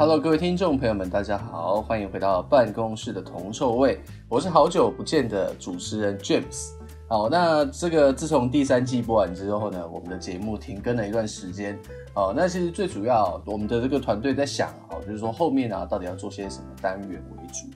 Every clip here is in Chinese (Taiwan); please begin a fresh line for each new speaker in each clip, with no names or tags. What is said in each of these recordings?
Hello，各位聽眾朋友們，大家好，歡迎回到辦公室的銅臭味，我是好久不見的主持人 James。好，那這個自從第三季播完之後呢，我們的節目停更了一段時間。好，那其實最主要，我們的這個團隊在想，哦，就是說後面啊，到底要做些什麼單元為主。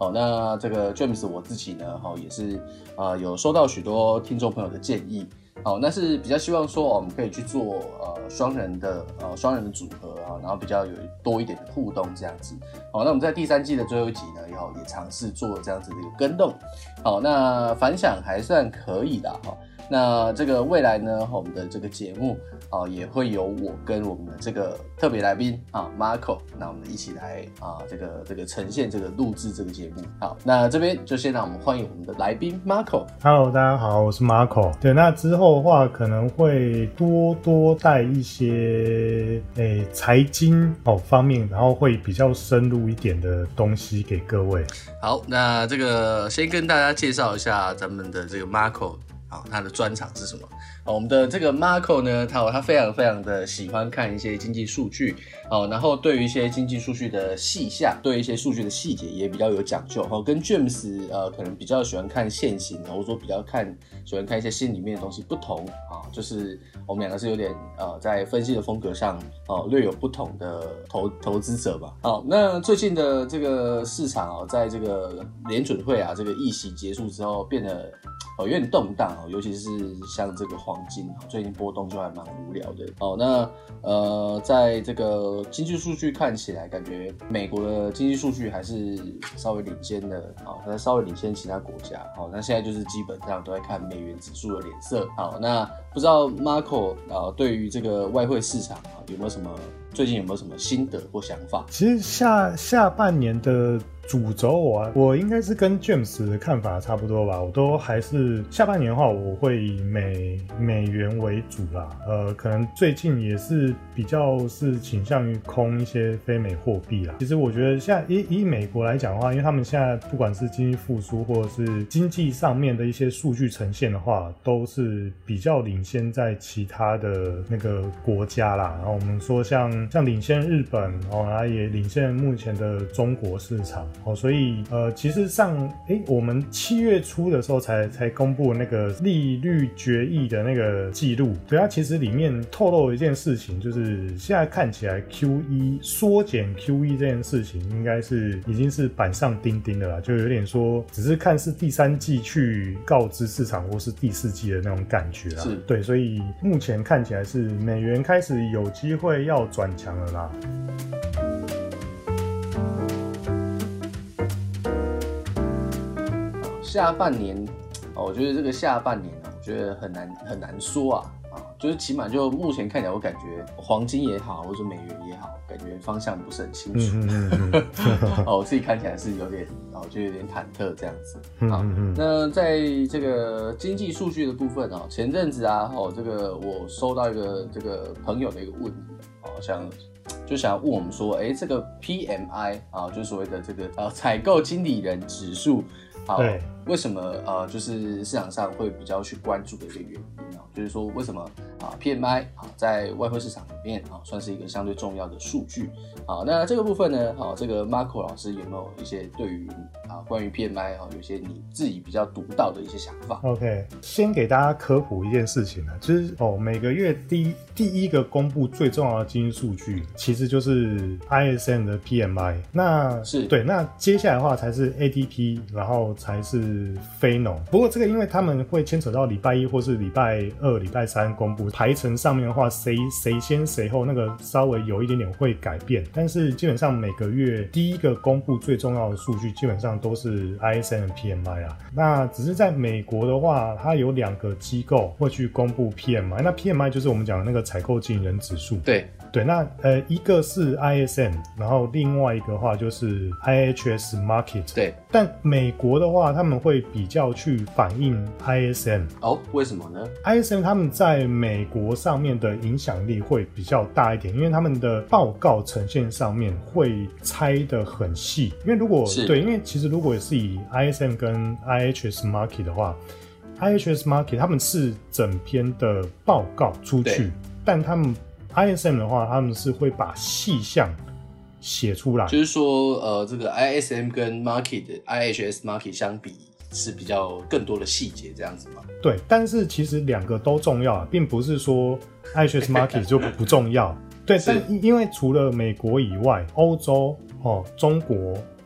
好，那這個 James 我自己呢，哈，也是啊、呃，有收到許多聽眾朋友的建議。好，那是比較希望說，我們可以去做呃雙人的呃雙人的組合啊，然後比較有多一點的互動這樣子。好，那我們在第三季的最後一集呢，然後也嘗試做這樣子的一個更動。好，那反響還算可以的哈。那這個未來呢，我們的這個節目。啊，也會有我跟我們的這個特別來賓啊，Marco。那我們一起來啊，這個這個呈現這個錄製這個節目。好，那這邊就先讓我們歡迎我們的來賓 Marco。
Hello，大家好，我是 Marco。對，那之後的話可能會多多帶一些誒財經哦方面，然後會比較深入一點的東西給各位。
好，那這個先跟大家介紹一下咱們的這個 Marco 啊，他的專長是什麼？好我們的這個 Marco 呢，他他非常非常的喜歡看一些經濟數據，好，然後對於一些經濟數據的細項，對於一些數據的細節也比較有講究，好，跟 James 呃可能比較喜歡看線型，或者說比較看喜歡看一些線裡面的東西不同啊，就是我們兩個是有點呃在分析的風格上哦、呃、略有不同的投投資者吧。好，那最近的這個市場哦，在這個聯準會啊這個議息結束之後變得。哦，有點動盪哦，尤其是像這個黃金最近波動就還蠻無聊的哦。那呃，在這個經濟數據看起來，感覺美國的經濟數據還是稍微領先的啊，還稍微領先其他國家。好，那現在就是基本上都在看美元指數的臉色。好，那不知道 Marco 啊，對於這個外匯市場啊，有沒有什麼？最近有沒有
什麼心得或想法？其實下下半年的主軸，啊，我我應該是跟 James 的看法差不多吧。我都還是下半年的話，我會以美美元為主啦。呃，可能最近也是比較是傾向於空一些非美貨幣啦。其實我覺得像，像以以美國來講的話，因為他們現在不管是經濟復甦，或者是經濟上面的一些數據呈現的話，都是比較領先在其他的那個國家啦。然後我們說像。像領先日本哦，然後也領先目前的中國市場哦，所以呃，其實上誒、欸，我們七月初的時候才才公布那個利率決議的那個記錄，對，它其實裡面透露一件事情，就是現在看起來 Q E 縮減 Q E 這件事情應，應該是已經是板上釘釘的了啦，就有點說只是看是第三季去告知市場，或是第四季的那種感覺啊，是對，所以目前看起來是美元開始有機會要轉強了
啦！下半年，
我覺得這個
下半年呢，我覺得很難很難說啊，就是起碼就目前看起來，我感覺黃金也好，或者美元也好，感覺方向不是很清楚。哦、嗯嗯嗯嗯 我自己看起來是有點，哦，就有點忐忑這樣子。好，嗯嗯嗯，那在這個經濟數據的部分啊，前陣子啊，哦，這個我收到一個這個朋友的一個問。好像就想問我們說，哎、欸，這個 PMI 啊，就所謂的這個呃採購經理人指數，好、啊為什麼呃，就是市場上會比較去關注的一個原因啊，就是說為什麼啊 P M I 啊在外匯市場裡面啊算是一個相對重要的數據。好、啊，那這個部分呢，好、啊、這個 Marco 老師有沒有一些對於啊關於 P M I 啊有一些你自己比較獨到的一些想法
？OK，先給大家科普一件事情呢，就是哦每個月第一第一個公布最重要的經濟數據，嗯、其實就是 ISM 的 P M I。那是對，那接下來的話才是 A D P，然後才是。非農，不過這個因為他們會牽扯到禮拜一或是禮拜二、禮拜三公布排程上面的話，誰誰先誰後那個稍微有一點點會改變，但是基本上每個月第一個公布最重要的數據，基本上都是 ISM PMI 啊。那只是在美國的話，它有兩個機構會去公布 PMI，那 PMI 就是我們講的那個採購經理人指數，對。對，那呃，一個是 ISM，然後另外一個的話就是 IHS Market。對，但美國的話，他們會比較去反映 ISM。哦，
為什麼
呢？ISM 他們在美國上面的影響力會比較大一點，因為他們的報告呈現上面會猜得很細。因為如果是對，因為其實如果也是以 ISM 跟 IHS Market 的話，IHS Market 他們是整篇的報告出去，對但他們。ISM 的話，他們是會把細項寫出來，就
是說，呃，這個 ISM 跟 Market、IHS Market 相比，是比較更多的細節這樣子嘛，
對，但是其實兩個都重要，並不是說 IHS Market 就不重要。對，但是因為除了美國以外，歐洲哦，中國。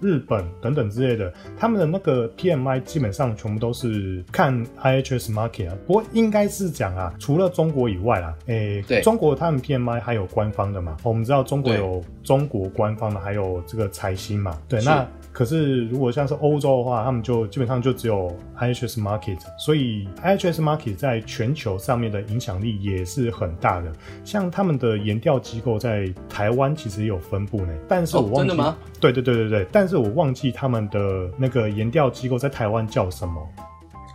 日本等等之類的，他們的那個 PMI 基本上全部都是看 IHS Markit 啊。不過應該是講啊，除了中國以外啦，誒、欸，對，中國他們 PMI 還有官方的嘛？我們知道中國有中國官方的，還有這個財新嘛？對，那。可是，如果像是歐洲的話，他們就基本上就只有 IHS Market，所以 IHS Market 在全球上面的影響力也是很大的。像他們的研調機構在台灣其實也有分布呢，但是我忘記，哦、對對對對對，但是我忘記他們的那個研調機構在台灣叫什麼，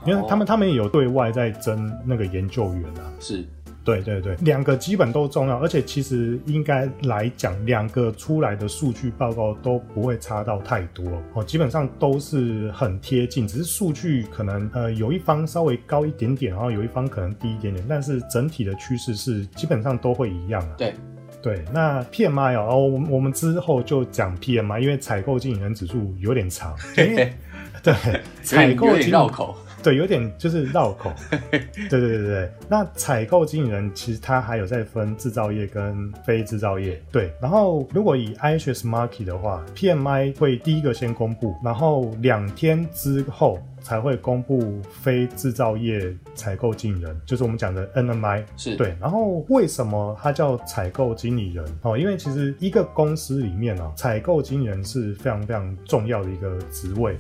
因為他們他們有對外在徵那個研究員啊，是。對對對，兩個基本都重要，而且其實應該來講，兩個出來的數據報告都不會差到太多哦，基本上都是很貼近，只是數據可能呃有一方稍微高一點點，然後有一方可能低一點點，但是整體的趨勢是基本上都會一樣啊。對對，那 PMI 哦，哦，我我們之後就講 PMI，因為採購經理人指數有點長，對 對，點採購有點繞口。對，有點就是繞口。 對對對對，那採購經理人其實他還有在分製造業跟非製造業。對，然後如果以 IHS Markit 的話，PMI 會第一個先公布，然後兩天之後才會公布非製造業採購經理人，就是我們講的 NMI 是。是，對。然後為什麼它叫採購經理人？哦，因為其實一個公司裡面啊，採購經理人是非常非常重要的一個職位。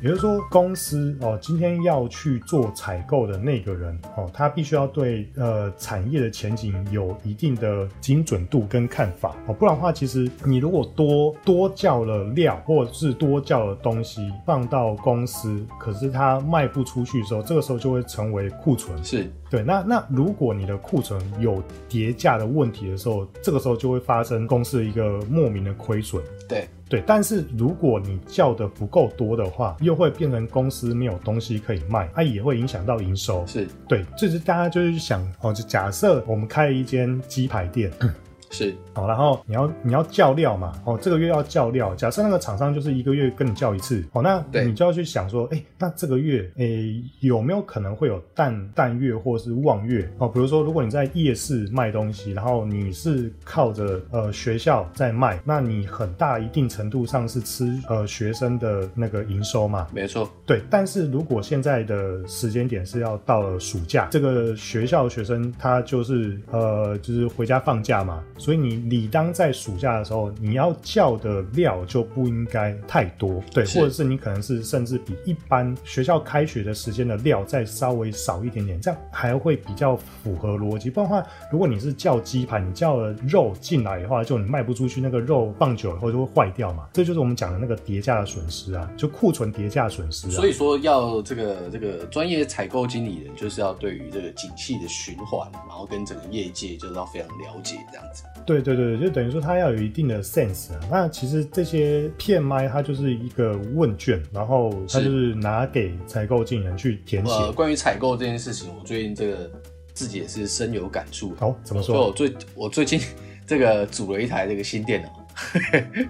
也就是說，公司哦，今天要去做採購的那個人哦，他必須要對呃產業的前景有一定的精準度跟看法哦，不然的話，其實你如果多多叫了料或者是多叫了東西放到公司，可是它賣不出去的時候，這個時候就會成為庫存。是對。那那如果你的庫存有跌價的問題的時候，這個時候就會發生公司的一個莫名的虧損。對。對，但是如果你叫的不夠多的話，又會變成公司沒有東西可以賣，它、啊、也會影響到營收。是對，就是大家就是想哦，就假設我們開一間雞排店。嗯是，好，然後你要你要叫料嘛，哦，這個月要叫料。假設那個廠商就是一個月跟你叫一次，哦，那你就要去想說，哎對、欸，那這個月，哎、欸，有沒有可能會有淡淡月或是望月旺月？哦，比如說，如果你在夜市賣東西，然後你是靠着呃學校在賣，那你很大一定程度上是吃呃學生的那個營收嘛。沒錯錯，對。但是如果現在的時間點是要到了暑假，這個學校的學生他就是呃就是回家放假嘛。所以你理當在暑假的時候，你要叫的料就不應該太多，對，是或者是你可能是甚至比一般學校開學的時間的料再稍微少一點點，這樣還會比較符合邏輯。不然的話，如果你是叫雞排，你叫了肉進來的話，就你賣不出去，那個肉放久了以後就會壞掉嘛。這就是我們講的那個疊加的損失啊，就庫存疊加損失啊。所以
說要這個這個專業採購經理人就是要對於這個景氣的循環，然後跟整個業界就是要非常了解
這樣子。對對對，就等於說他要有一定的 sense 啊。那其實這些 PMI 它就是一個問捲，然後它就是拿給採購經理人去填寫。呃，
關於採購這件事情，我最近這個自己也是深有感觸啊。哦，怎麼說？所以我最我最近這個組了一台這個新電腦。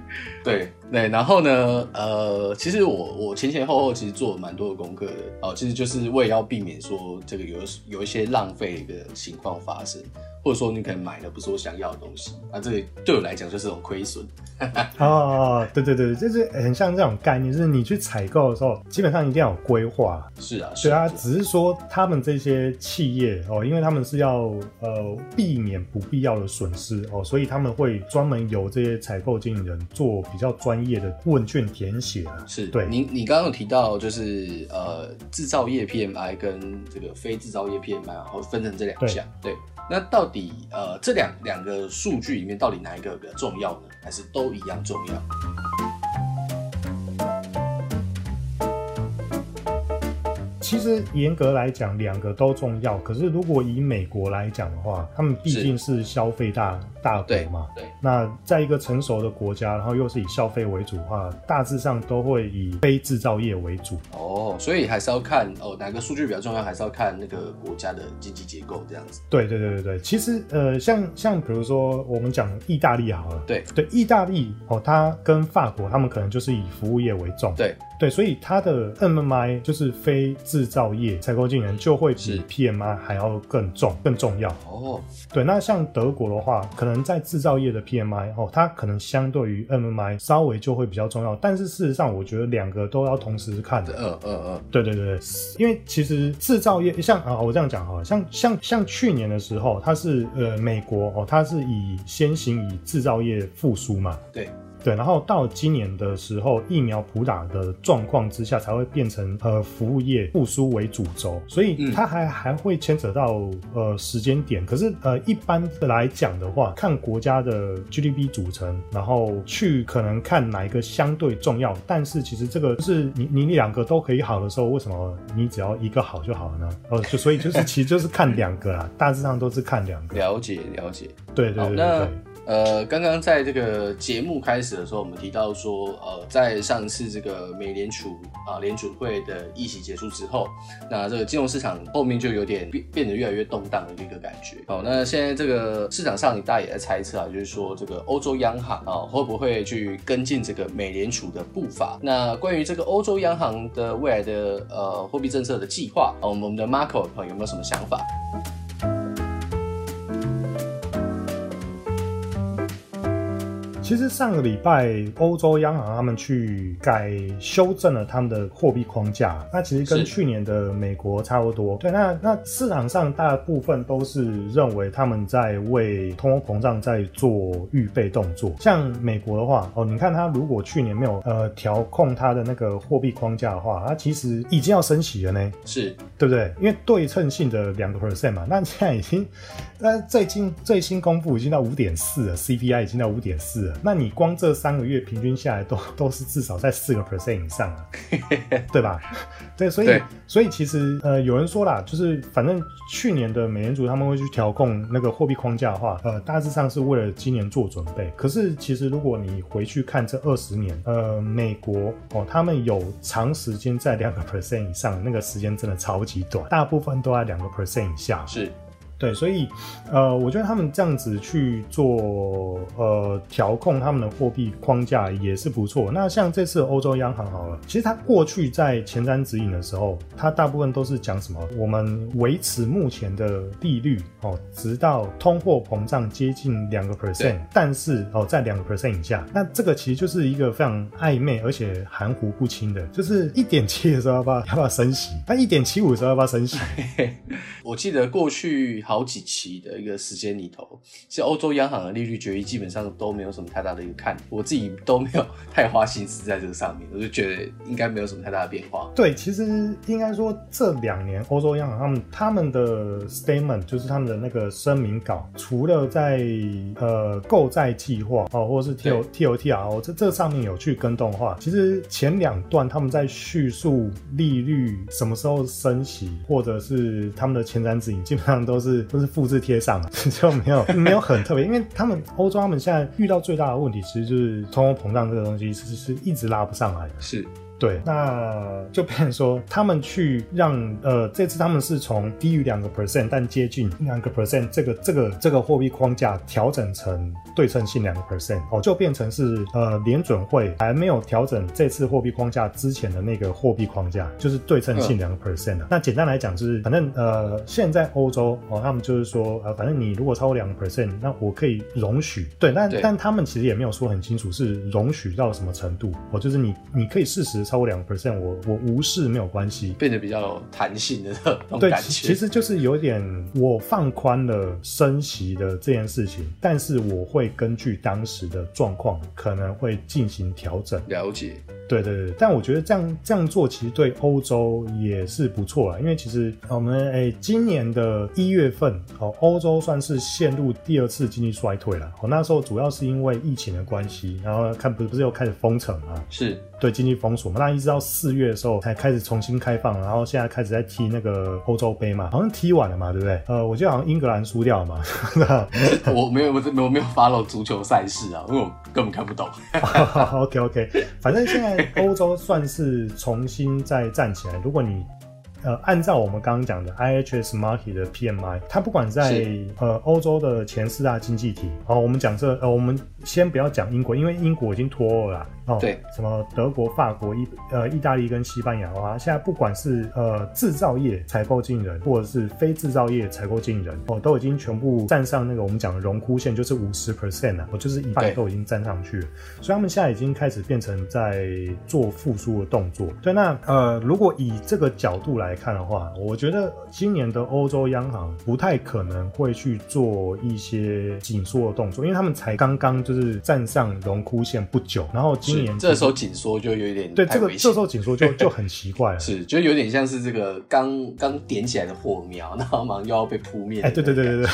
對對，然後呢？呃，其實我我前前後後其實做了蠻多的功課的哦，其實就是為了要避免說這個有有一些浪費的情況發生，或者說你可能買的不是我想要的東西，那、啊、這對我來講就是種虧損。哦
哦，對對對，就是很像這種概念，就是你去採購的時候，基本上一定要有規劃。是啊，是啊，只是說他們這些企業哦，因為他們是要呃避免不必要的損失哦，所以他們會專門由這些採購經理人做。比較專業的問卷填寫啊，是，
對。你，你剛剛有提到，就是呃，製造業 PMI 跟這個非製造業 PMI 啊，會分成這兩項。對，對，那到底呃這兩兩個數據裡面，到底哪一個比較重要呢？還是都一樣重要？
其實嚴格來講，兩個都重要。可是如果以美國來講的話，他們畢竟是消費大大國嘛。對。對，那在一個成熟的國家，然後又是以消費為主的話，大致上都會以非制造業為主。哦，
所以還是要看哦，哪個數據比較重要，還是要看那個國家的經濟結構這樣
子。對對對對對，其實呃，像像比如說我們講意大利好了，對對，意大利哦，它跟法國，他們可能就是以服務業為重。對。對，所以它的 MMI 就是非製造業採購經理人就會比 PMI 還要更重，更重要哦。對，那像德國的話，可能在製造業的 PMI 哦，它可能相對於 MMI 稍微就會比較重要。但是事實上，我覺得兩個都要同時看的。嗯嗯嗯。對對對，因為其實製造業像啊，我這樣講哈，像像像去年的時候，它是呃美國哦，它是以先行以製造業復甦嘛。對。對，然後到今年的時候，疫苗普打的狀況之下，才會變成呃服務業復甦為主軸，所以它還還會牽扯到呃時間點。可是呃一般的來講的話，看國家的 GDP 組成，然後去可能看哪一個相對重要。但是其實這個就是你你兩個都可以好的時候，為什麼你只要一個好就好了呢？呃、就所以就是 其實就是看兩個啦，大致上都是看兩
個。了解了解，了解
對對對，對。
呃，剛剛在這個節目開始的時候，我們提到說，呃，在上次這個美聯儲啊、呃、聯準會的議息結束之後，那這個金融市場後面就有點變變得越來越動盪的一個感覺。好、哦，那現在這個市場上，大家也在猜測啊，就是說這個歐洲央行啊、哦、會不會去跟進這個美聯儲的步伐？那關於這個歐洲央行的未來的呃貨幣政策的計劃，嗯、我們的 Marco 朋友有沒有什麼想法？
其實上個禮拜，歐洲央行他們去改修正了他們的貨幣框架，那其實跟去年的美國差不多。是對，那那市場上大部分都是認為他們在為通貨膨脹在做預備動作。像美國的話，哦，你看他如果去年沒有呃調控它的那個貨幣框架的話，他其實已經要升息了呢，是對不對？因為對稱性的兩個 percent 嘛，那現在已經，那最近最新公布已經到五點四了，CPI 已經到五點四了。那你光這三個月平均下來都都是至少在四個 percent 以上了，啊， 對吧？對，所以對所以其實呃，有人說啦，就是反正去年的美聯儲他們會去調控那個貨幣框架的話，呃，大致上是為了今年做準備。可是其實如果你回去看這二十年，呃，美國哦，他們有長時間在兩個 percent 以上的那個時間真的超級短，大部分都在兩個 percent 以下。是。對，所以，呃，我覺得他們這樣子去做，呃，調控他們的貨幣框架也是不錯。那像這次歐洲央行好了，其實它過去在前瞻指引的時候，它大部分都是講什麼？我們維持目前的利率哦，直到通貨膨脹接近兩個 percent，但是哦，在兩個 percent 以下，那這個其實就是一個非常曖昧而且含糊不清的，就是一點七的時候要不要要不要升息？那一點七五的時候要不要升息？要要升
息嘿嘿，我記得過去。好幾期的一個時間裡頭，其實歐洲央行的利率決議基本上都沒有什麼太大的一個看，我自己都沒有太花心思在這個上面，我就覺得應該沒有什麼太大的變化。
對，其實應該說這兩年歐洲央行他們他們的 statement 就是他們的那個聲明稿，除了在呃購債計劃啊，或者是 T L 對 TLTRO 這這上面有去更動的話，其實前兩段他們在敘述利率什麼時候升息，或者是他們的前瞻指引，基本上都是。都是複製貼上，就沒有沒有很特別。 因為他們歐洲，他們現在遇到最大的問題，其實就是通貨膨脹這個東西其實是一直拉不上來的。是。對，那就變成說他們去讓呃，這次他們是從低於兩個 percent，但接近兩個 percent 這個這個這個貨幣框架調整成對稱性兩個 percent，哦，就變成是呃聯準會還沒有調整這次貨幣框架之前的那個貨幣框架，就是對稱性兩個 percent 啊。呵那簡單來講就是，反正呃現在歐洲哦，他們就是說呃反正你如果超過兩個 percent，那我可以容許。對，但對但他們其實也沒有說很清楚是容許到什麼程度哦，就是你你可以事實。超過兩個 percent，我我無視沒有關係，嗯，
變得比較彈性的，對，那種感覺其，其實
就是有點我放寬了升息的這件事情，但是我會根據當時的狀況可能會進行調整。了解。對對對，但我覺得這樣這樣做其實對歐洲也是不錯啦，因為其實我們哎、欸、今年的一月份哦，歐洲算是陷入第二次經濟衰退了。哦，那時候主要是因為疫情的關係，然後看不是不是又開始封城嘛，是對經濟封鎖嘛，那一直到四月的時候才開始重新開放，然後現在開始在踢那個歐洲杯嘛，好像踢完了嘛，對不對？呃，我記得好像英格蘭輸掉嘛，
我沒有我這我沒有 follow 足球賽事啊，因為我根本看不懂。
oh, OK OK，反正現在。 歐洲算是重新再站起來。如果你，呃、按照我們剛剛講的 IHS Markit 的 PMI，它不管在歐是、呃、洲的前四大經濟體好，我們講這、呃，我們先不要講英國，因為英國已經脫歐了啦。哦，對，什麼德國、法國、意呃意大利、跟西班牙的話，現在不管是呃製造業採購經理人，或者是非製造業採購經理人，哦，都已經全部站上那個我們講的榮枯線就50、啊，就是五十 percent 啊，我就是一半都已經站上去了，對所以他們現在已經開始變成在做復蘇的動作。對，那呃，如果以這個角度來看的話，我覺得今年的歐洲央行不太可能會去做一些緊縮的動作，因為他們才剛剛就是站上榮枯線不久，然後今嗯、這時候緊縮就有點對這個，這時候緊縮就就很奇怪了， 是，就
有點像是這個剛剛點起來的火苗，然後馬上又要被撲滅，哎。對對對對對，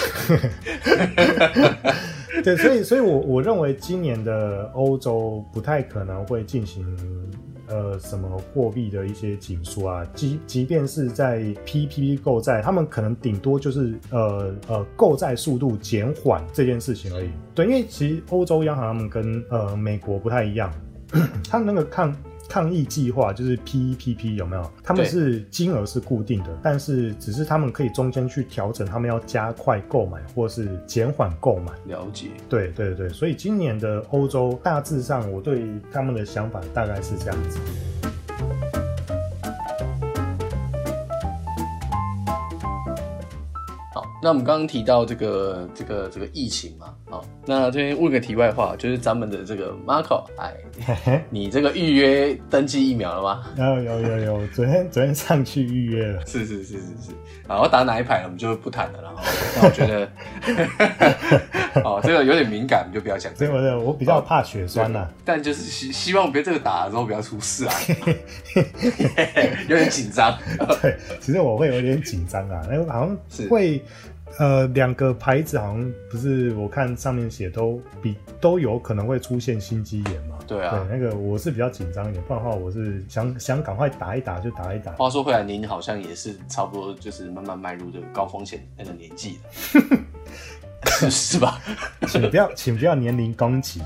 對， 對，所以所以我我認為今年的歐洲不太可能會進行呃什麼貨幣的一些緊縮啊，即即便是在 P P P 購債，他們可能頂多就是呃呃購債速度減緩這件事情而已。以對，因為其實歐洲央行他們跟呃美國不太一樣。 他那個抗抗疫計劃就是 P E P P 有沒有？他們是金額是固定的。對但是只是他們可以中間去調整，他們要加快購買或是減緩購買。了解。對對對對，所以今年的歐洲大致上，我對他們的想法大概是這樣子。
那我們剛剛提到這個這個這個疫情嘛，喔、那這邊問個題外的話，就是咱們的這個 Marco 哎，你這個預約登記疫苗了
嗎？有有有有，昨天昨天上去預約了。是是是是是，
啊，我打哪一排了，我們就不談了。然後那我覺得，哦、 喔，這個有點敏感，就不要講
這個。我我比較怕血栓啊、
喔、但就是希希望別這個打的時候不要出
事啊。
有點緊張。
對，其實我會有點緊張啊，那好像是會。是呃，兩個牌子好像不是，我看上面寫都比都有可能會出現心肌炎嘛。對啊，對那個我是比較緊張一點，不然的話我是想想趕快打一打就打一打。
話說回來，您好像也是差不多就是慢慢邁入這個高風險那個年紀了
是，是吧 請？請不要請不要年齡攻擊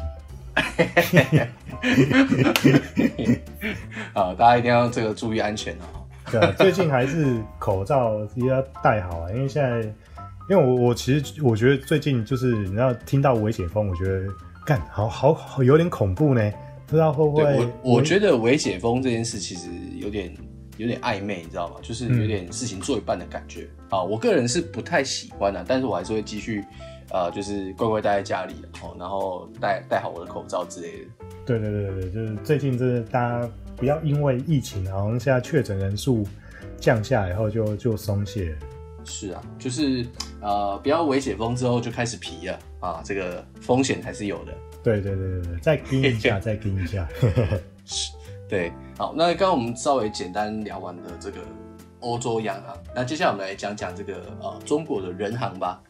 大家一定要這個注意安全啊、喔。 對，
最近還是口罩一定要戴好啊，因為現在。因為我我其實我覺得最近就是你要聽到微解封，我覺得干好好，好有點恐怖呢，不知道會不會？我，為我覺
得微解封這件事其實有點有點曖昧，你知道嗎？就是有點事情做一半的感覺，嗯、啊。我個人是不太喜歡的，但是我還是會繼續啊、呃，就是乖乖待在家裡然後，然後戴戴好我的口罩之類的。
對對對對，就是最近是大家不要因為疫情然後現在確診人數降下來以後就就鬆懈。
是啊，就是呃，不要微解封之後就開始皮了啊，這個風險還是有的。
對對對對對，再盯一下， 再盯一下。
對，好，那剛剛我們稍微簡單聊完的這個歐洲央行啊，那接下來我們來講講這個呃，中國的人行吧。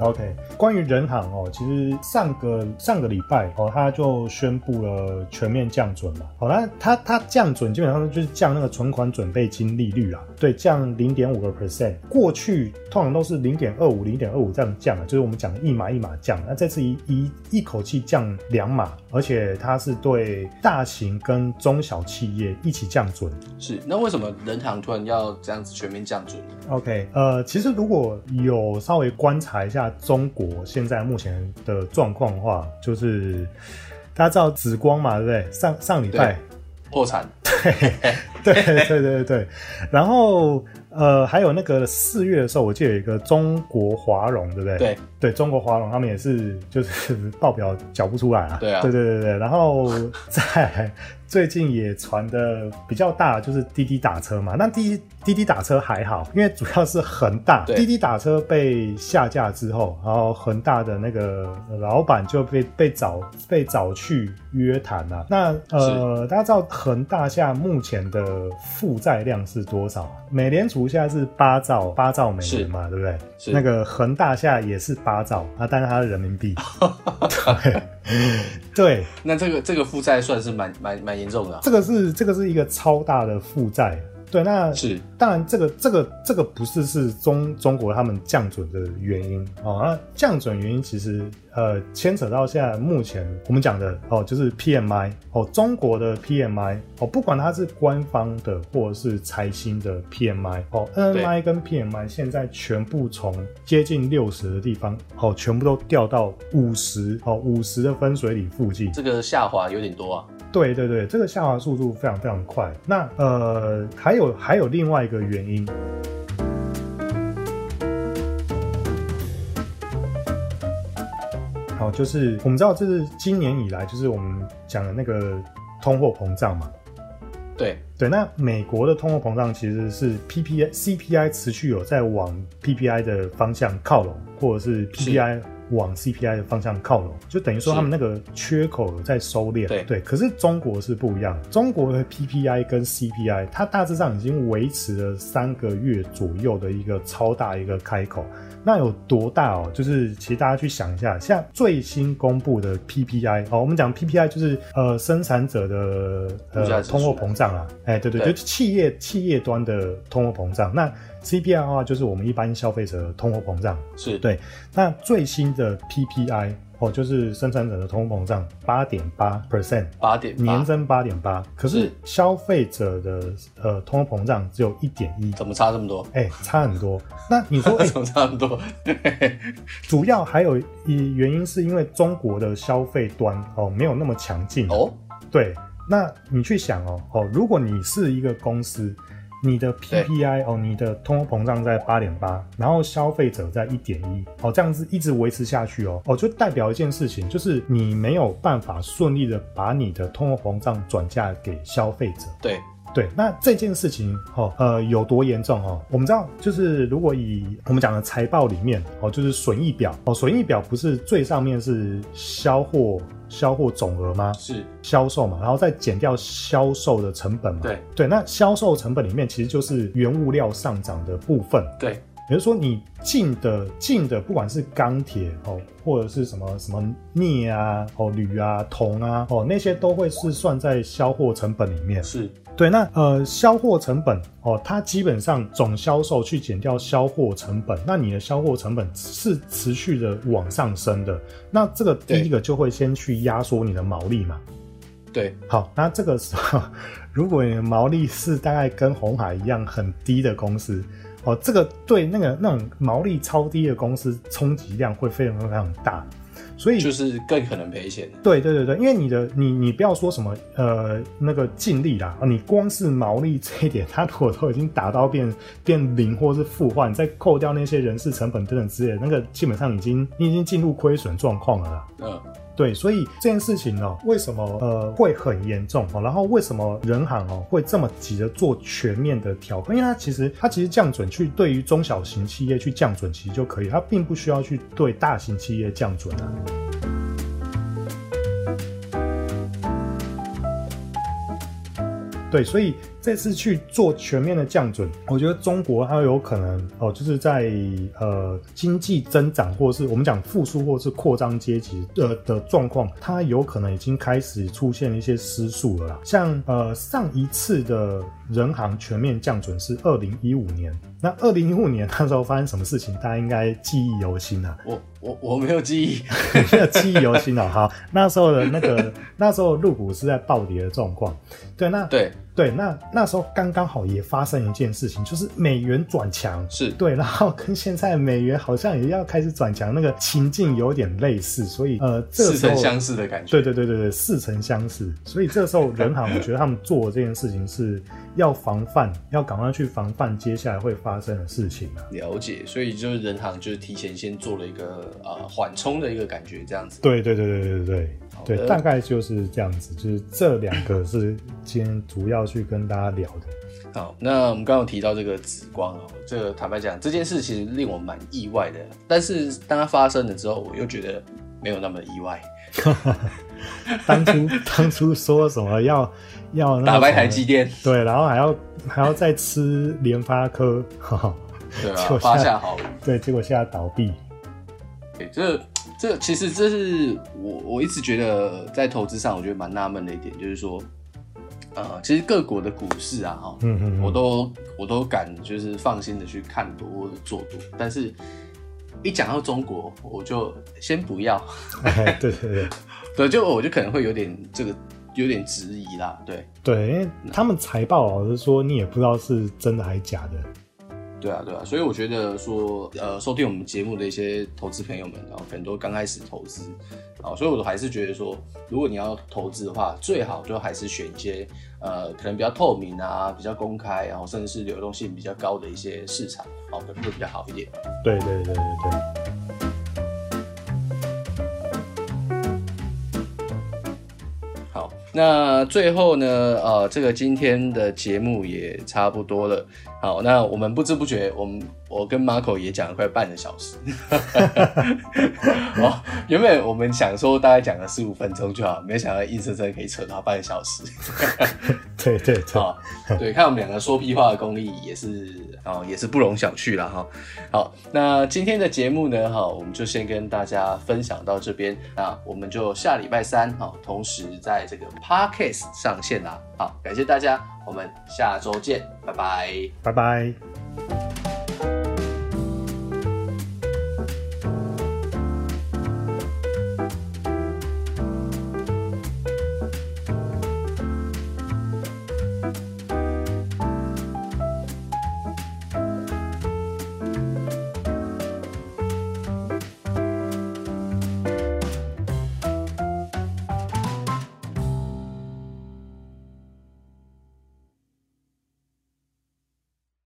OK。關於人行哦，其實上個上個禮拜哦，他就宣布了全面降準嘛。好，哦，那他他降準基本上就是降那個存款準備金利率啊，對，降零點五個 percent。過去通常都是零點二五、零點二五這樣降，就是我們講一碼一碼降。那這次一一一口氣降兩碼，而且它是對大型跟中小企業一起降準。
是，那為什麼人行突然要這樣子全面降準
？OK，呃，其實如果有稍微觀察一下中國。我現在目前的狀況的話，就是大家知道紫光嘛，對不對？上上禮拜破產，對，對對對對對對， 然後。呃，還有那個四月的時候，我記得有一個中國華融，對不對？對，對中國華融，他們也是就是報表繳不出來啊。對啊，對對對對。然後在最近也傳的比較大，就是滴滴打車嘛。那滴滴滴打車還好，因為主要是恆大對滴滴打車被下架之後，然後恆大的那個老板就被被找被找去約談了啊。那呃，是大家知道恆大下目前的負債量是多少？美聯儲。現在是八兆，八兆美元嘛，是對不對？是那個恆大下也是八兆，啊，但是它是人民幣。對，
那這個這個負債算是蠻蠻蠻嚴重的，啊這個，這
個是、啊、這個是這個是一個超大的負債。對，那是當然，這個，這個這個這個不是是中中國他們降準的原因哦，那降準原因其實呃牽扯到現在目前我們講的哦，就是 PMI 哦，中國的 PMI 哦，不管它是官方的或者是財新的 PMI 哦對 NMI 跟 PMI 現在全部從接近六十的地方哦，全部都掉到五十哦，五十的分水嶺附近，
這個下滑有點多啊！
對對對，這個下滑速度非常非常快。那呃，還有還有另外一個原因，好，就是我們知道，這是今年以來，就是我們講的那個通貨膨脹嘛。對對，那美國的通貨膨脹其實是 PPI、CPI 持續有在往 P P I 的方向靠攏，或者是 P P I。往 CPI 的方向靠攏，就等於說他們那個缺口在收斂。是。對，對，可是中國是不一樣，中國的 PPI 跟 CPI，它大致上已經維持了三個月左右的一個超大一個開口。那有多大哦？就是其實大家去想一下，像最新公布的 PPI，哦，我們講 PPI 就是呃生產者的呃通貨膨脹啊，哎，對對，對，就是企業企業端的通貨膨脹。那 CPI 的話，就是我們一般消費者的通貨膨脹，是對。那最新的 PPI 哦，就是生產者的通貨膨脹，八點八 percent，八點年增八點八。可是消費者的是呃通貨膨脹只有一點一，怎麼差這麼多？哎、欸，差很多。 那
你說為什、欸、麼差那麼多？對，
主要還有一原因，是因為中國的消費端哦沒有那麼強勁哦。對，那你去想哦哦，如果你是一個公司。你的 PPI 對哦，你的通貨膨脹在八點八，然後消費者在一點一，哦，這樣子一直維持下去哦，哦，就代表一件事情，就是你沒有辦法順利的把你的通貨膨脹轉嫁給消費者，對。對，那這件事情哦，呃，有多嚴重哦，我們知道，就是如果以我們講的財報裡面哦，就是損益表哦，損益表不是最上面是銷貨銷貨總額嗎？是銷售嘛，然後再減掉銷售的成本嘛。對對，那銷售成本裡面其實就是原物料上漲的部分。對。比如說你進的進的，進的不管是鋼鐵哦，或者是什麼什麼鎳啊、啊、啊、啊、哦鋁啊、銅啊、哦那些都會是算在銷貨成本裡面。是對。那呃銷貨成本哦，它基本上總銷售去減掉銷貨成本，那你的銷貨成本是持續的往上升的。那這個第一個就會先去壓縮你的毛利嘛。對。好，那這個時候如果你的毛利是大概跟鴻海一樣很低的公司。哦，這個對那個那種毛利超低的公司衝擊量會非常非常大，
所以就是更可能賠錢。
對對對對，因為你的你你不要說什麼呃那個淨利啦，你光是毛利這一點，它如果都已經達到變變零或是負換，再扣掉那些人事成本等等之類的，那個基本上已經你已經進入虧損狀況了啦。嗯。對，所以這件事情呢、哦，為什麼呃會很嚴重、哦？然後為什麼人行哦會這麼急着做全面的調控？因為它其實它其實降準去對於中小型企業去降準其實就可以，它並不需要去對大型企業降準啊對，所以這次去做全面的降準，我覺得中國它有可能哦，呃，就是在呃經濟增長或者是我們講復甦或是擴張階級的的狀況，它有可能已經開始出現一些失速了啦，像呃上一次的。人行全面降準是二零一五年，那二零一五年那時候發生什麼事情，大家應該記憶猶新啊。
我我我沒有記
憶，沒 有 記憶猶新啊。好，那時候的那個 那時候 A 股是在暴跌的狀況，對，那對。對，那那時候剛剛好也發生一件事情，就是美元轉強，是，對，然後跟現在美元好像也要開始轉強，那個情境有點類似，所以呃，似曾相識的感覺，對對對對對，似曾相識，所以這時候人行我覺得他們做的這件事情是要防範， 要趕快去防範接下來會發生的事情啊，
了解，所以就是人行就是提前先做了一個呃緩衝的一個感覺，這樣
子，對對對對對對對的對，大概就是這樣子，就是這兩個是今天主要。去跟大家聊的。
好，那我們剛剛提到這個紫光哦、喔，這個坦白講，這件事其實令我蠻意外的。但是當它發生了之後，我又覺得沒有那麼意外。
當初 當初說什麼要要打敗台積電，對，然後還要還要再吃聯發科，對，然後就發下好，結果現在倒閉。
這這其實這是我我一直覺得在投資上我覺得蠻納悶的一點，就是說。呃，其實各國的股市啊，哈、喔，嗯嗯嗯我都我都敢就是放心的去看多或者做多，但是一講到中國，我就先不要。
哎、對對
對， 對，就我就可能會有點這個有點質疑啦，對
對，因為他們財報老實說，你也不知道是真的還是假的。
對啊，對啊，所以我覺得說，呃，收聽我們節目的一些投資朋友們，然後很多剛開始投資，哦，所以我還是覺得說，如果你要投資的話，最好就還是選一些，呃，可能比較透明啊，比較公開，然後甚至是流動性比較高的一些市場，哦，可能會比較好一點。
對對對對對。
那最後呢，呃、啊，這個今天的節目也差不多了。好，那我們不知不覺，我們。我跟 Marco 也講了快半個小時，哦， 原本我們想說大概講個四五分鐘就好，沒想到硬生生可以扯到半個小時，
對對，對，好，
對，看我們兩個說屁話的功力也是哦，也是不容小覷了哈。好，那今天的節目呢，哈、哦，我們就先跟大家分享到這邊，那我們就下禮拜三哈、哦，同時在這個 Podcast 上線啦。好，感謝大家，我們下周見，拜拜，
拜拜。